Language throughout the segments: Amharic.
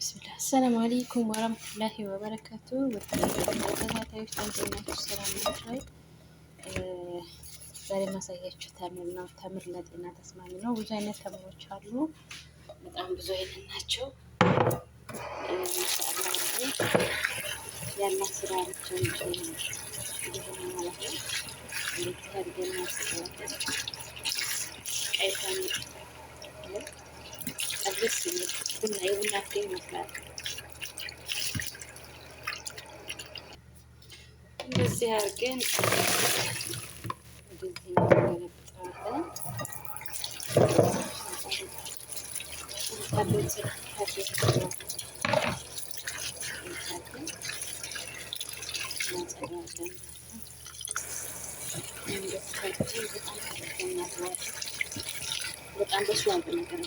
ብስሚላ አሰላሙ አለይኩም ወረህመቱላሂ ወበረካቱ። ተከታታዮች ተንዜናችሁ ሰላም ናቸው። ዛሬ ማሳያችሁ ተምር ነው። ተምር ለጤና ተስማሚ ነው። ብዙ አይነት ተምሮች አሉ። በጣም ብዙ አይነት ናቸው። ያላት ስራ ናቸው ቡና የቡናችን ይመስላል። እንደዚህ አድርገን ወደዚህ ገለብጠዋለን። በጣም ደስ ይላል።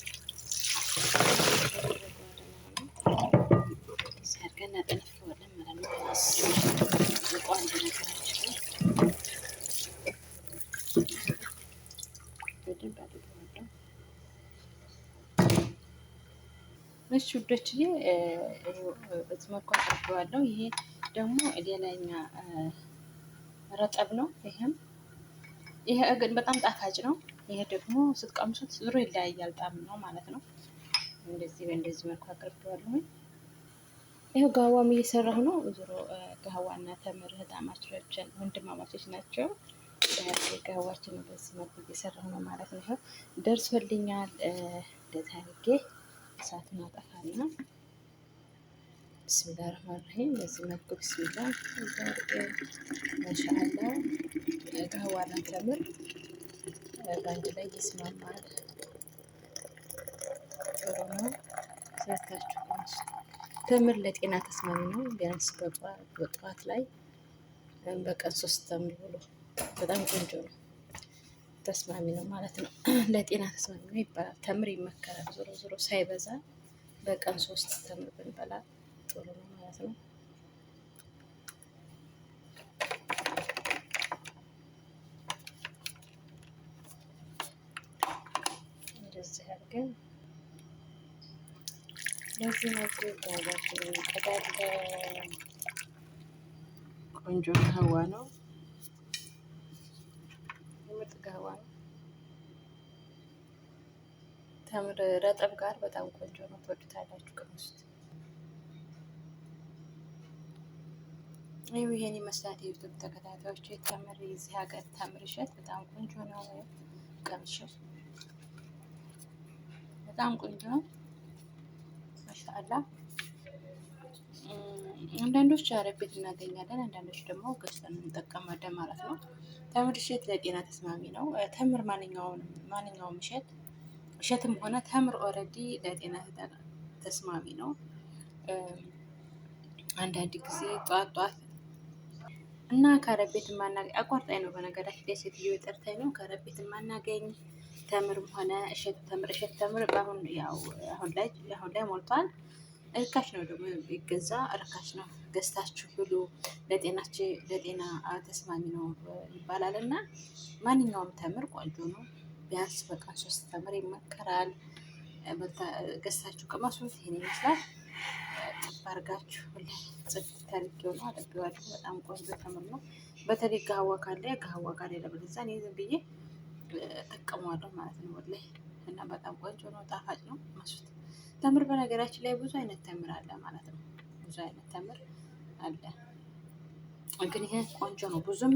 ሲያርገን እናጠነፍለዋለን ማለት እሺ አድርገዋለሁ። ይሄ ደግሞ ሌላኛ ረጠብ ነው። ይሄ በጣም ጣፋጭ ነው። ይሄ ደግሞ ስትቀምሱት ዙሮ ይለያያል ጣም ነው ማለት ነው። እንደዚህ በእንደዚህ መልኩ አቅርቤዋለሁ። ይኸው ጋዋም እየሰራሁ ነው። ዞሮ ጋዋና ተምር እህትማማቾች ወንድማማቾች ናቸው። ጋዋችን በዚህ መልኩ እየሰራሁ ነው ማለት ነው። ይኸው ደርሶልኛል። እንደዚህ አድርጌ እሳትን አጠፋና ብስሚላ ረህማን ረሂም በዚህ መልኩ ብስሚላ ማሻአላ ጋዋና ተምር በአንድ ላይ ይስማማል። ጥሩ ነው። ሰርታችሁ ተምር ለጤና ተስማሚ ነው። ቢያንስ በጠዋት ላይ በቀን ሶስት ተምር ብሎ በጣም ቆንጆ ነው። ተስማሚ ነው ማለት ነው። ለጤና ተስማሚ ነው ይባላል። ተምር ይመከራል። ዞሮ ዞሮ ሳይበዛ በቀን ሶስት ተምር ብንበላ ጥሩ ነው ማለት ነው። እንደዚህ አድርገን ለዚህ ነዚህ ጋዛችን ቅጠል ቆንጆ ካህዋ ነው። ምርጥ ካህዋ ነው። ተምር ረጠብ ጋር በጣም ቆንጆ ነው። ትወዱታላችሁ። ቅምስት ይህ ይህን ይመስላል። የዩቱብ ተከታታዮች ተምር የዚህ ሀገር ተምር እሸት በጣም ቆንጆ ነው። ቀምሸት በጣም ቆንጆ ነው። ማሻአላ አንዳንዶች አረብ ቤት እናገኛለን፣ አንዳንዶች ደግሞ ገዝተን እንጠቀማለን ማለት ነው። ተምር እሸት ለጤና ተስማሚ ነው። ተምር ማንኛውም እሸት እሸትም ሆነ ተምር ኦልሬዲ ለጤና ተስማሚ ነው። አንዳንድ ጊዜ ጧት ጧት እና ከአረብ ቤት ማናገኝ አቋርጣኝ ነው በነገራችን ላይ ሴትዮ ጠርታኝ ነው ከአረብ ቤት ማናገኝ ተምር ሆነ እሸት ተምር እሸት ተምር በአሁን ያው አሁን ላይ አሁን ላይ ሞልቷል። እርካሽ ነው ደግሞ ይገዛ እርካሽ ነው ገዝታችሁ ብሉ። ለጤናችሁ ለጤና ተስማሚ ነው ይባላል እና ማንኛውም ተምር ቆንጆ ነው። ቢያንስ በቀን ሶስት ተምር ይመከራል። ገዝታችሁ ቅመሱት። ይህን ይመስላል። ጥብ አድርጋችሁ ጽድት ተርጌው ነው አጠቢዋለሁ። በጣም ቆንጆ ተምር ነው። በተለይ ጋህዋ ካለ ጋህዋ ካለ ለበለዚያ እኔ ዝም ብዬ እጠቀመዋለሁ ማለት ነው። ወላሂ እና በጣም ቆንጆ ነው፣ ጣፋጭ ነው። መስት ተምር በነገራችን ላይ ብዙ አይነት ተምር አለ ማለት ነው። ብዙ አይነት ተምር አለ። ግን ይሄ ቆንጆ ነው፣ ብዙም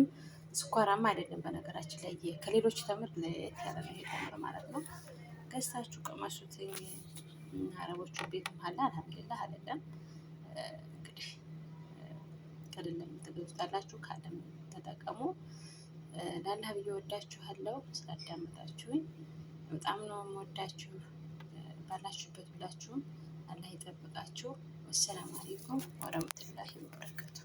ስኳራማ አይደለም። በነገራችን ላይ ከሌሎች ተምር ለየት ያለ ነው ይሄ ተምር ማለት ነው። ገዝታችሁ ቅመሱት። አረቦቹ ቤት አለ አልሐምዱሊላህ አይደለም እንግዲህ ከደለም ትገዙታላችሁ፣ ካለም ተጠቀሙ። ላላ ብዬ ወዳችኋለሁ። ስላዳመጣችሁኝ በጣም ነው የምወዳችሁ። ባላችሁበት ሁላችሁም አላህ ይጠብቃችሁ። ወሰላም አሌይኩም ወረመቱላሂ ወበረከቱ።